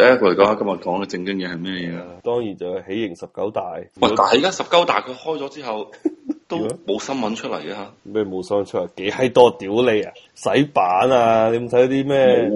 第一我嚟講下今日講嘅正經嘢係咩嘢啊？當然就係喜迎十九大。哇！但係而家十九大佢開咗之後，都冇新聞出嚟嘅嚇。咩冇新聞出嚟？幾閪多屌你啊！洗版啊！你唔睇啲咩？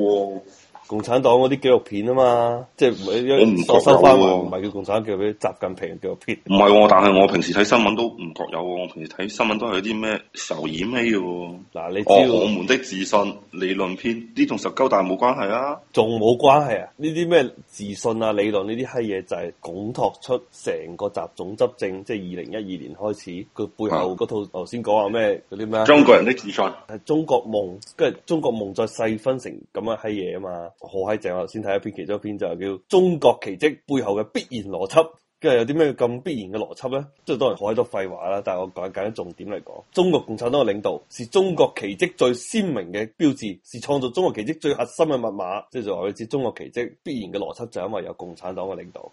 共產黨嗰啲紀錄片啊嘛，即係唔係？我唔覺得唔係叫共產黨紀錄片？習近平嘅紀錄片。唔係喎，但係我平時睇新聞都唔覺有喎。我平時睇新聞都係有啲咩仇嫌欺嘅喎。嗱、啊，你知道哦，我們的自信理論篇呢，同十鳩大冇關係啊？仲冇關係啊？呢啲咩自信啊、理論呢啲閪嘢，就係拱托出成個習總執政，即係二零一二年開始佢背後嗰套頭先講話咩嗰啲咩。中國人的自信係中國夢，跟住中國夢再細分成咁樣閪嘢啊嘛。好閪正，我頭先睇一篇，其中一篇就叫《中國奇蹟背後嘅必然邏輯》，跟住有啲咩咁必然嘅邏輯咧？即係當然好閪多廢話啦，但係我講簡單重點嚟講，中國共產黨嘅領導是中國奇蹟最鮮明嘅標誌，是創造中國奇蹟最核心嘅密碼。即係就話我哋知，中國奇蹟必然嘅邏輯就因為有共產黨嘅領導。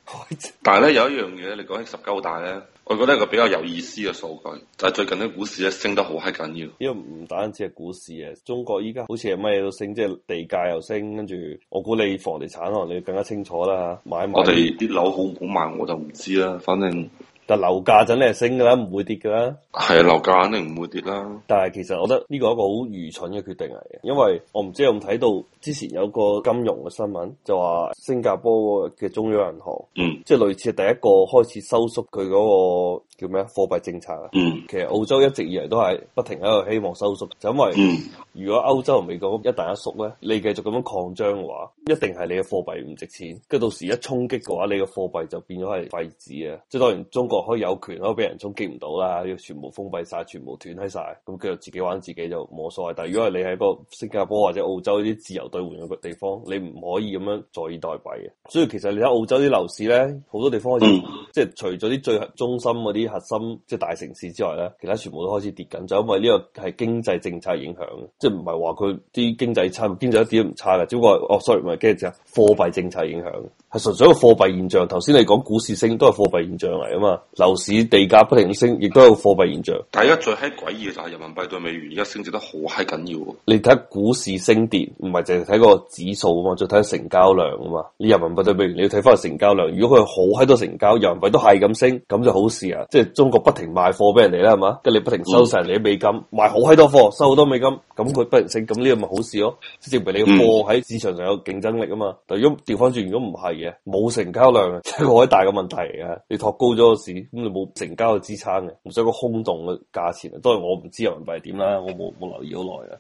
但係咧有一樣嘢，你講喺十九大咧。我覺得一個比較有意思嘅數據，但係最近啲股市咧升得好係緊要，因為唔單止係股市啊，中國依家好似係乜嘢都升，即係地價又升，跟住我估你房地產可能你更加清楚啦嚇，買賣我哋啲樓好唔好賣我就唔知啦，反正。但樓價真係升噶啦，唔會跌噶啦。係啊，樓價肯定唔會跌啦。但係其實我覺得呢個係一個好愚蠢嘅決定嚟嘅，因為我唔知有冇睇到之前有個金融嘅新聞，就話新加坡嘅中央銀行，嗯，即係類似係第一個開始收縮佢嗰、那個。叫咩啊？貨幣政策啊，嗯、其實澳洲一直以嚟都係不停喺度希望收縮，就是、因為如果歐洲同美國一旦一縮咧，你繼續咁樣擴張嘅話，一定係你嘅貨幣唔值錢，跟住到時一衝擊嘅話，你嘅貨幣就變咗係廢紙啊！即係當然中國可以有權可以俾人衝擊唔到啦，要全部封閉晒，全部斷喺晒。咁佢就自己玩自己就冇所謂。但係如果係你喺個新加坡或者澳洲啲自由兌換嘅地方，你唔可以咁樣坐以待斃嘅。所以其實你喺澳洲啲樓市咧，好多地方開始即係除咗啲最核中心嗰啲。核心即係大城市之外咧，其他全部都開始跌緊，就是、因為呢個係經濟政策影響，即係唔係話佢啲經濟差，經濟一啲都唔差嘅，只不過哦、oh,，sorry 唔係，跟住就貨幣政策影響，係純粹一個貨幣現象。頭先你講股市升都係貨幣現象嚟啊嘛，樓市地價不停升亦都係貨幣現象。但而家最嘿詭異就係人民幣對美元而家升值得好嘿緊要。你睇下股市升跌唔係淨係睇個指數啊嘛，再睇成交量啊嘛。你人民幣對美元你要睇翻個成交量，如果佢好喺多成交，人民幣都係咁升，咁就好事啊。即係中國不停賣貨俾人哋啦，係嘛？跟住你不停收曬你啲美金，嗯、賣好閪多貨，收好多美金，咁佢不停升，咁呢個咪好事咯？證明你貨喺市場上有競爭力啊嘛。但如果調翻轉，如果唔係嘅，冇成交量嘅，真係好大嘅問題嚟嘅。你托高咗個市，咁你冇成交嘅支撐嘅，唔使以個空洞嘅價錢，都係我唔知人民幣係點啦，我冇冇留意好耐嘅。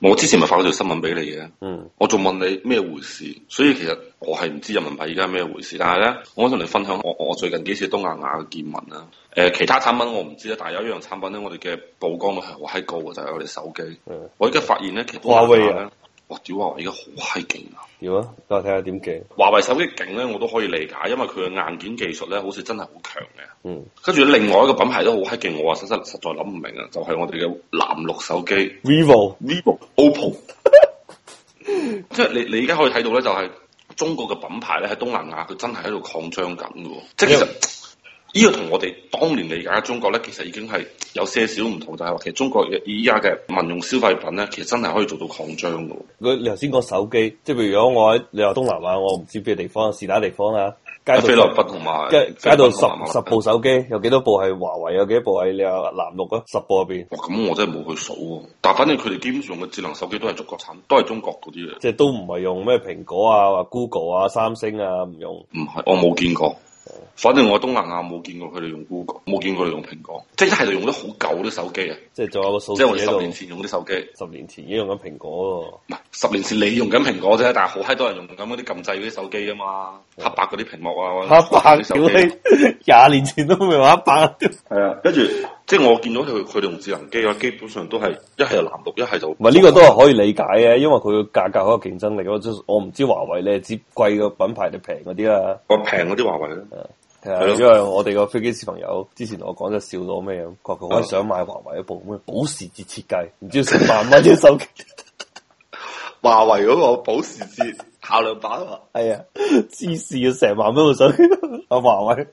嗯、我之前咪發咗條新聞俾你嘅，嗯，我仲問你咩回事？所以其實我係唔知人民幣而家係咩回事，但係咧，我想同你分享我我最近幾次東亞亞嘅見聞啊。誒、呃，其他產品我唔知啦，但係有一樣產品咧，我哋嘅曝光率係好閪高嘅，就係、是、我哋手機。嗯、我而家發現咧，華為啊，哇，屌華為而家好閪勁啊！點啊？等我睇下點勁。華為手機勁咧，我都可以理解，因為佢嘅硬件技術咧，好似真係好強嘅。嗯。跟住另外一個品牌都好閪勁，我話實實實在諗唔明啊！就係、是、我哋嘅藍綠手機，vivo、vivo Op el、oppo。 即係你你而家可以睇到咧，就係中國嘅品牌咧喺東南亞，佢真係喺度擴張緊㗎。即係是 其實。呢個同我哋當年理解，中國咧其實已經係有些少唔同，就係話其實中國嘅依家嘅民用消費品咧，其實真係可以做到擴張嘅。佢你頭先講手機，即係譬如如果我喺你話東南亞，我唔知邊個地方，是哪地方啊？街度菲律賓同埋街街道十十道部手機，有幾多部係華為？有幾多部係你話藍綠啊？十部入邊？哇！咁我真係冇去數喎。但係反正佢哋基本上用嘅智能手機都係中國產，都係中國嗰啲嘅。即係都唔係用咩蘋果啊、或 Google 啊、三星啊，唔用。唔係，我冇見過。反正我東南亞冇見過佢哋用 Google，冇見過佢哋用蘋果，即係一係就用咗好舊啲手機啊，即係仲有個數，即係我哋十年前用啲手機，十年前已經用緊蘋果喎，唔係十年前你用緊蘋果啫，但係好閪多人用緊嗰啲撳掣嗰啲手機啊嘛，的黑白嗰啲屏幕啊，黑白手機廿年前都未話黑白，係啊，跟 住。即係我見到佢佢哋用智能機啊，基本上都係一係就藍綠，一係就唔係呢個都係可以理解嘅，因為佢價格嗰個競爭力我唔知華為咧，折貴個品牌定平嗰啲啊？我平嗰啲華為咯，係啊、嗯，因為我哋個飛機師朋友之前同我講就笑到咩咁，佢想買華為一部咩、嗯、保時捷設計，唔知成萬蚊啲手機， 華為嗰個保時捷限量版、 哎、呀啊，係啊，痴線啊，成萬蚊部手機阿華為。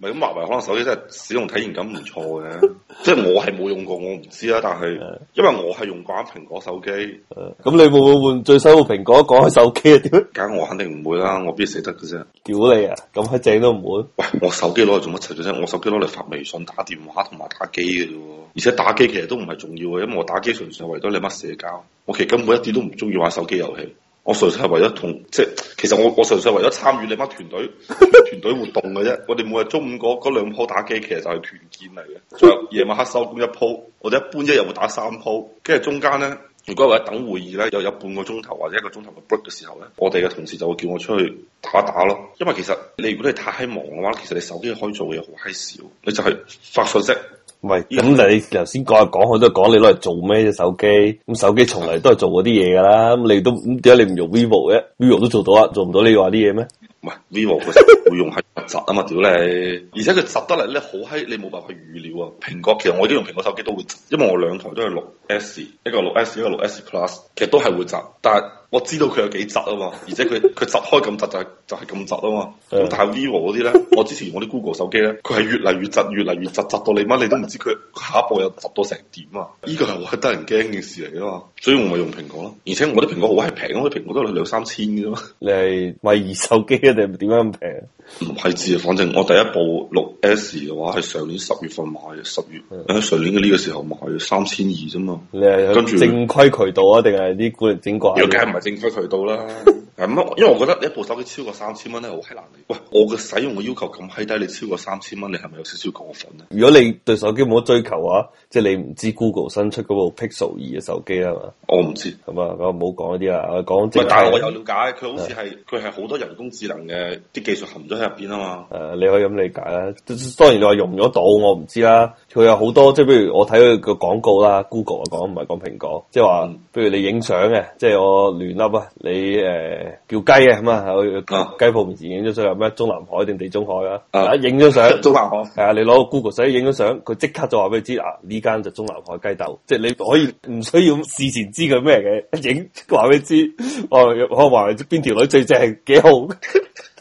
咪咁，華為可能手機真係使用體驗感唔錯嘅， 即係我係冇用過，我唔知啦。但係因為我係用慣蘋果手機，咁 你會唔會換最新嘅蘋果講下手機啊？點 解我肯定唔會啦，我邊捨得嘅啫。屌你啊！咁係正都唔換。喂，我手機攞嚟做乜柒啫？我手機攞嚟發微信、打電話同埋打機嘅啫喎。而且打機其實都唔係重要嘅，因為我打機純粹為咗你乜社交。我其實根本一啲都唔中意玩手機遊戲。我純粹係為咗同，即係其實我我純粹係為咗參與你班團隊 團隊活動嘅啫。我哋每日中午嗰嗰兩鋪打機，其實就係團建嚟嘅。最後夜晚黑收工一鋪，我哋一般一日會打三鋪。跟住中間咧，如果為咗等會議咧，又有，有半個鐘頭或者一個鐘頭嘅 break 嘅時候咧，我哋嘅同事就會叫我出去打一打咯。因為其實你如果係太忙嘅話，其實你手機可以做嘅嘢好閪少，你就係發信息。唔係，咁喂你頭先講又講，我都係講你攞嚟做咩隻手機？咁手機從嚟都係做嗰啲嘢噶啦。咁你都咁點解你唔用 vivo 嘅？vivo 都做到啊，做唔到你話啲嘢咩？唔係 vivo 會用係集啊嘛，屌你！而且佢集得嚟咧好閪，你冇辦法預料啊。蘋果其實我已經用蘋果手機都會集，因為我兩台都係六 S，一個六 S，一個六 S Plus，其實都係會集，但係。我知道佢有幾窒啊嘛，而且佢佢窒開咁窒就係、是、就係咁窒啊嘛。咁的但係 VIVO 嗰啲咧，我之前用我啲 Google 手機咧，佢係越嚟越窒，越嚟越窒，窒到你乜你都唔知佢下一步有窒到成點啊！呢個係好得人驚嘅事嚟啊嘛。所以我咪用蘋果咯，而且我啲蘋果好係平，我啲蘋果都兩三千啫嘛。你係買二手機啊定點樣平？唔係字啊，反正我第一部六 S 嘅話係上年十月份買嘅，十月上的年嘅呢個時候買嘅，三千二啫嘛。你係跟住正規渠道啊，定係啲古靈精怪？正規渠道啦，咁 因為我覺得你一部手機超過三千蚊咧好閪難。喂，我嘅使用嘅要求咁閪低，你超過三千蚊，你係咪有少少過分咧？如果你對手機冇乜追求啊，即係你唔知 Google 新出嗰部 Pixel 二嘅手機啊嘛？我唔知，係嘛，我冇講呢啲啊，講。但係我又了解，佢好似係佢係好多人工智能嘅啲技術含咗喺入邊啊嘛。誒，你可以咁理解啦。當然你話用咗到，我唔知啦。佢有好多，即係譬如我睇佢個廣告啦，Google 啊，講唔係講蘋果，即係話，譬如你影相嘅，即係我亂笠啊，你誒、呃、叫雞啊，咁啊，喺雞鋪面前影張相，咩中南海定地中海啊，影咗、啊、相中南海，係啊，你攞個 Google 相影咗相，佢即刻就話俾你知，啊呢間就中南海雞竇，即係你可以唔需要事前知佢咩嘅，影話俾你知，我我話邊條女最正，幾好。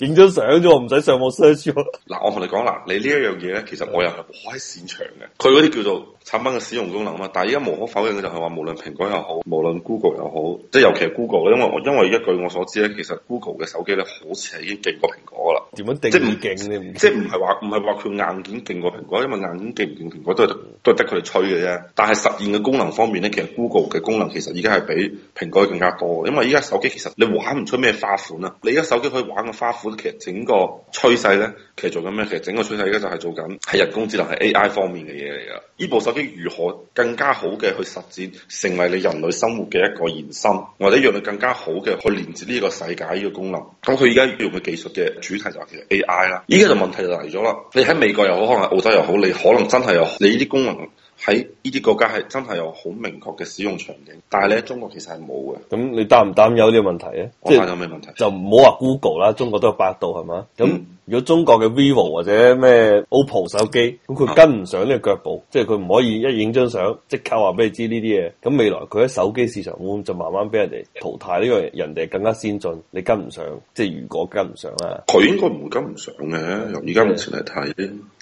影張相啫，我唔使上網 search。嗱，我同你講啦，你呢一樣嘢咧，其實我又係好閪擅長嘅。佢嗰啲叫做產品嘅使用功能啊嘛。但係而家無可否認嘅就係話，無論蘋果又好，無論 Google 又好，即係尤其係 Google 因為我因為一據我所知咧，其實 Google 嘅手機咧好似係已經勁過蘋果噶啦。點樣勁？即係唔勁你？即係唔係話唔係話佢硬件勁過蘋果？因為硬件勁唔勁蘋果都係都係，得佢哋吹嘅啫。但係實現嘅功能方面咧，其實 Google 嘅功能其實而家係比蘋果更加多。因為而家手機其實你玩唔出咩花款啊！你而家手機可以玩個其實整個趨勢咧，其實做緊咩？其實整個趨勢而家就係做緊係人工智能係 AI 方面嘅嘢嚟噶。呢部手機如何更加好嘅去實踐，成為你人類生活嘅一個延伸，或者讓你更加好嘅去連接呢個世界呢個功能。咁佢而家用嘅技術嘅主題就係其實 AI 啦。依家就問題就嚟咗啦。你喺美國又好，可能喺澳洲又好，你可能真係有你呢啲功能。喺呢啲國家係真係有好明確嘅使用場景，但係咧中國其實係冇嘅。咁你擔唔擔憂呢個問題咧？即係有咩問題？就唔好話 Google 啦，中國都有百度係嘛？咁。嗯如果中國嘅 VIVO 或者咩 OPPO 手機，咁佢跟唔上呢個腳步，即係佢唔可以一影張相即刻話俾你知呢啲嘢。咁未來佢喺手機市場會就慢慢俾人哋淘汰，呢個人哋更加先進，你跟唔上，即係如果跟唔上啦。佢應該唔會跟唔上嘅，由而家目前嚟睇，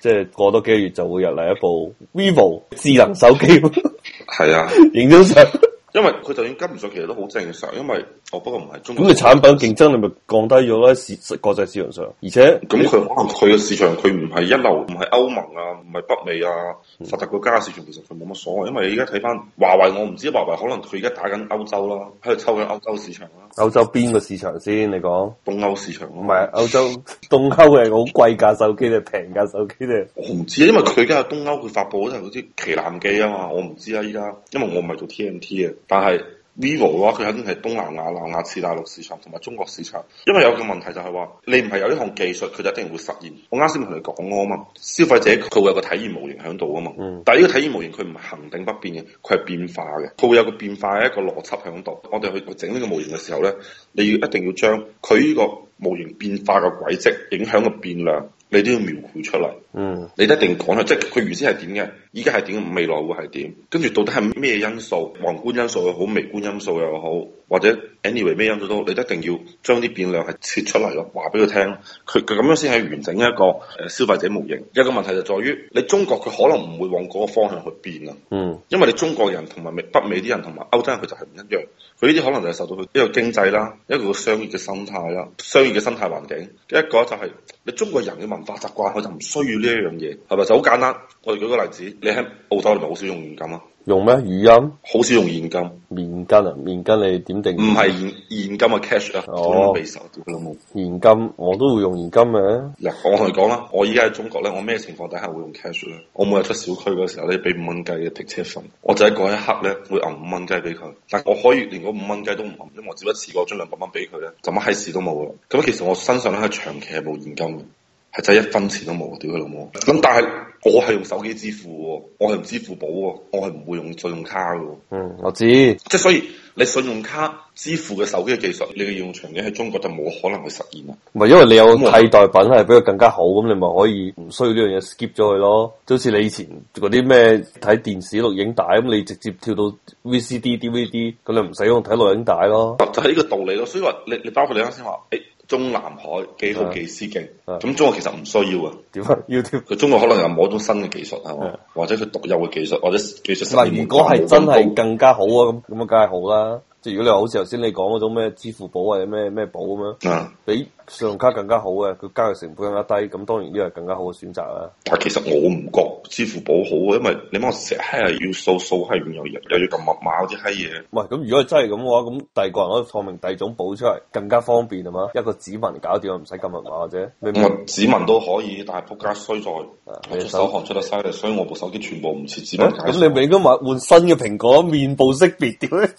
即係過多幾個月就會入嚟一部 VIVO 智能手機。係啊 的，影張相。 因為佢就算跟唔上，其實都好正常。因為哦，不過唔係中。咁嘅產品競爭，你咪降低咗咧喺國際市場上。而且咁佢可能佢嘅市場，佢唔係一流，唔係歐盟啊，唔係北美啊，發達國家嘅市場，其實佢冇乜所謂。因為你而家睇翻華為我，我唔知華為可能佢而家打緊歐洲啦，喺度抽緊歐洲市場啦。歐洲邊個市場先？你講東歐市場唔係歐洲 東歐係好貴價手機定平價手機咧？ 我唔知，因為佢而家喺東歐，佢發佈都係嗰啲旗艦機啊嘛。我唔知啊，依家因為我唔係做 T M T 啊。但係 VIVO 嘅話，佢肯定係東南亞、南亞次大陸市場同埋中國市場，因為有個問題就係話，你唔係有呢項技術，佢就一定會實現。我啱先同你講啊嘛，消費者佢會有個體驗模型喺度啊嘛，但係呢個體驗模型佢唔係恆定不變嘅，佢係變化嘅，佢會有個變化嘅一個邏輯喺度。我哋去去整呢個模型嘅時候咧，你要一定要將佢呢個模型變化嘅軌跡、影響個變量，你都要描繪出嚟，嗯，你一定講下，即係佢原先係點嘅，依家係點，未來會係點，跟住到底係咩因素，宏觀因素又好，微觀因素又好，或者。anyway 咩因都，你都一定要將啲變量係切出嚟咯，話俾佢聽，佢佢咁樣先係完整一個誒消費者模型。一個問題就在於，你中國佢可能唔會往嗰個方向去變啊。嗯，因為你中國人同埋美北美啲人同埋歐洲人佢就係唔一樣，佢呢啲可能就係受到佢一個經濟啦，一個商業嘅心態啦，商業嘅生態環境，一個就係你中國人嘅文化習慣，佢就唔需要呢一樣嘢，係咪？就好簡單，我哋舉個例子，你喺澳洲係咪好少用現金啊？用咩語音？好少用現金。現金啊，現金你點定？唔係現現金啊 cash 啊，我都未收屌佢老母。現金我都會用現金嘅啊。嗱，我同你講啦，我依家喺中國咧，我咩情況底下會用 cash 咧？我每日出小區嗰時候咧，俾五蚊雞嘅停車費。我就喺嗰一刻咧，會揞五蚊雞俾佢。但我可以連嗰五蚊雞都唔揞，因為我只不過試過將兩百蚊俾佢咧，就乜閪事都冇啦。咁其實我身上咧係長期係冇現金嘅，係真一分錢都冇啊！屌佢老母。咁但係。我係用手機支付喎，我係用支付寶喎，我係唔會用信用卡嘅。嗯，我知。即係所以，你信用卡支付嘅手機嘅技術，你嘅應用場景喺中國就冇可能去實現啊。唔係，因為你有替代品係比較更加好，咁、嗯、你咪可以唔需要呢樣嘢 skip 咗佢咯。就好似你以前嗰啲咩睇電視錄影帶咁，你直接跳到 VCD、DVD，咁你唔使用睇錄影帶咯。就係呢個道理咯。所以話，你你包括你啱先話，誒、哎。中南海幾好技師嘅，咁中國其實唔需要啊，點啊？YouTube，佢中國可能有冇一種新嘅技術，係嘛，的或者佢獨有嘅技術，或者技術唔係，如果係真係更加好啊，咁咁啊，梗係好啦。即如果你話好似頭先你講嗰種咩支付寶或者咩咩寶咁樣，比信用卡更加好嘅，佢交易成本更加低，咁當然呢個係更加好嘅選擇啦。但其實我唔覺支付寶好嘅，因為你問我成日係要掃掃閪有人又要撳密碼嗰啲閪嘢。唔喂，咁如果真係咁嘅話，咁第二個人可以放明第二種寶出嚟，更加方便係嗎？一個指紋搞掂，唔使撳密碼或者。指紋都可以，但係仆街衰在、啊、手汗出得犀利，所以我部手機全部唔設指紋。咁、欸、你唔係應該買換新嘅蘋果面部識別點咧？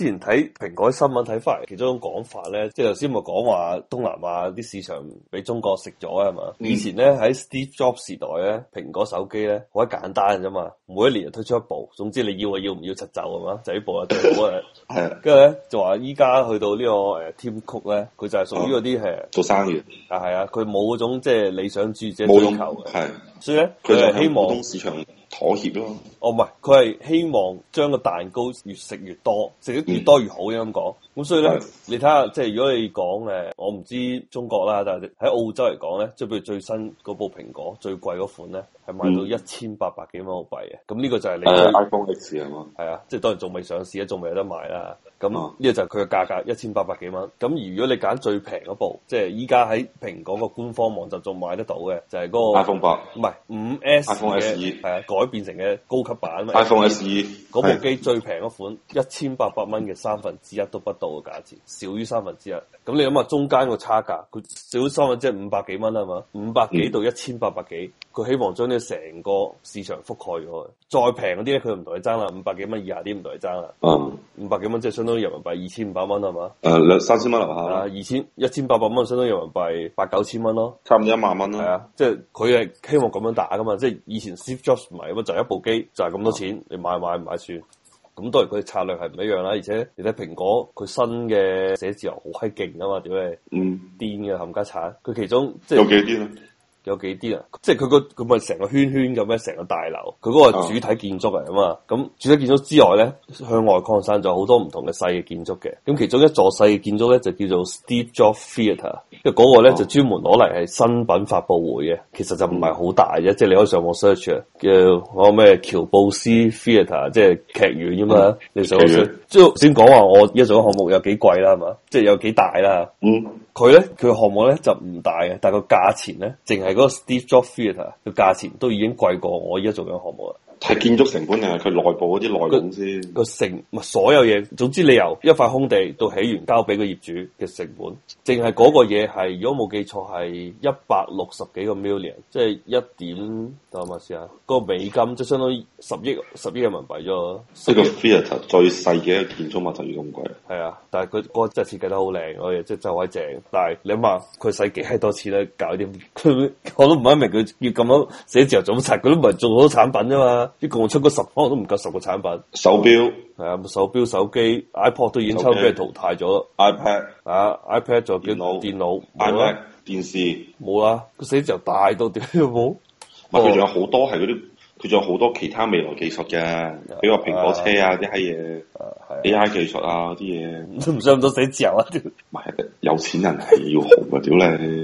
之前睇蘋果新聞睇翻嚟，其中一種講法咧，即係頭先咪講話東南亞啲市場俾中國食咗啊嘛。嗯、以前咧喺 Steve Jobs 時代咧，蘋果手機咧好簡單啫嘛，每一年就推出一部。總之你要啊，要唔要實走係嘛，就呢部、這個、啊，呢就呢部啊。係啊，跟住咧就話依家去到呢個誒 Tim Cook 咧，佢就係屬於嗰啲係做生意但啊，係啊，佢冇嗰種即係理想主義者追求嘅，係的，所以咧佢就希望。市場。妥協咯，哦唔係，佢係希望將個蛋糕越食越多，食得越多越好咁講。嗯咁所以咧，Yes. 你睇下，即係如果你講誒，我唔知中國啦，但係喺澳洲嚟講咧，即係譬如最新嗰部蘋果最貴嗰款咧，係買到一千八百幾蚊澳幣嘅。咁呢、mm. 個就係你、uh, iPhone X 啊嘛。係啊，即係當然仲未上市啊，仲未有得賣啦。咁、嗯、呢個就係佢嘅價格一千八百幾蚊。咁如果你揀最平嗰部，即係依家喺蘋果個官方網站仲買得到嘅，就係嗰個 iPhone 八。唔係五 S 嘅，係啊，改變成嘅高級版 iPhone SE 嗰部機最平嗰款一千八百蚊嘅三分之一都不。度嘅價錢少於三分之一，咁你諗下中間個差價，佢少於三分之一，即係五百幾蚊啊嘛，五百幾到一千八百幾，佢希望將呢成個市場覆蓋咗。再平啲咧，佢唔同你爭啦，五百幾蚊以下啲唔同你爭啦。嗯、啊，五百幾蚊即係相當於人民幣二千五百蚊啊嘛。誒兩三千蚊啊嘛。啊，二千一千八百蚊相當於人民幣八九千蚊咯，差唔多一萬蚊咯。係啊，即係佢係希望咁樣打噶嘛，即係以前 Steve Jobs 唔係咁就一部機就係、是、咁多錢，嗯、你買買唔買算。咁當然佢策略係唔一樣啦，而且你睇蘋果佢新嘅寫字樓好閪勁啊嘛，點解？嗯，癲嘅冚家鏟，佢其中即係、就是、有幾癲？有幾啲啊？即係佢，個佢咪成個圈圈咁咧，成個大樓，佢嗰個主體建築嚟啊嘛。咁主體建築之外咧，向外擴散咗好多唔同嘅細嘅建築嘅。咁其中一座細嘅建築咧，就叫做 Steve Jobs Theatre，因為嗰個咧，哦、就專門攞嚟係新品發布會嘅。其實就唔係好大啫，嗯，即係你可以上網 search 啊，叫嗰個咩喬布斯 Theatre，即係劇院啫嘛。劇院，你上網 search，即係先講話，我呢組項目有幾貴啦，係嘛？即係有幾大啦。嗯。佢咧，佢項目咧就唔大嘅，但係個價錢咧，淨係嗰個 Steve Jobs Theater 嘅價錢都已經貴過我依家做緊項目啦。係建築成本定係佢內部嗰啲內容先個成，唔係所有嘢。總之你由一塊空地到起完交俾個業主嘅成本，淨係嗰個嘢係，如果冇記錯係一百六十幾個 million，即係一點，等我諗下先啊。個美金即係相當於十億十億人民幣啫喎。呢個 f e 最細嘅建築物就要咁貴。係啊，但係佢嗰個真係設計得好靚，嗰、那、嘢、個、真係真係好正。但係你問佢使幾閪多錢咧？搞啲，我都唔明佢要咁樣寫字由組合，佢都唔係做好多產品啫嘛。一共出個十方都唔夠十個產品，手表係啊，手表、手機、iPod 都已經抽俾人淘汰咗，iPad 啊，iPad 就電腦、電腦、iPad 電視冇啦，個寫字樓大到屌冇，唔佢仲有好多係嗰啲，佢仲有好多其他未來技術嘅，比如話蘋果車啊啲閪嘢，AI 技術啊啲嘢，都唔使咁多寫字樓啊屌，有錢人係要紅嘅屌你。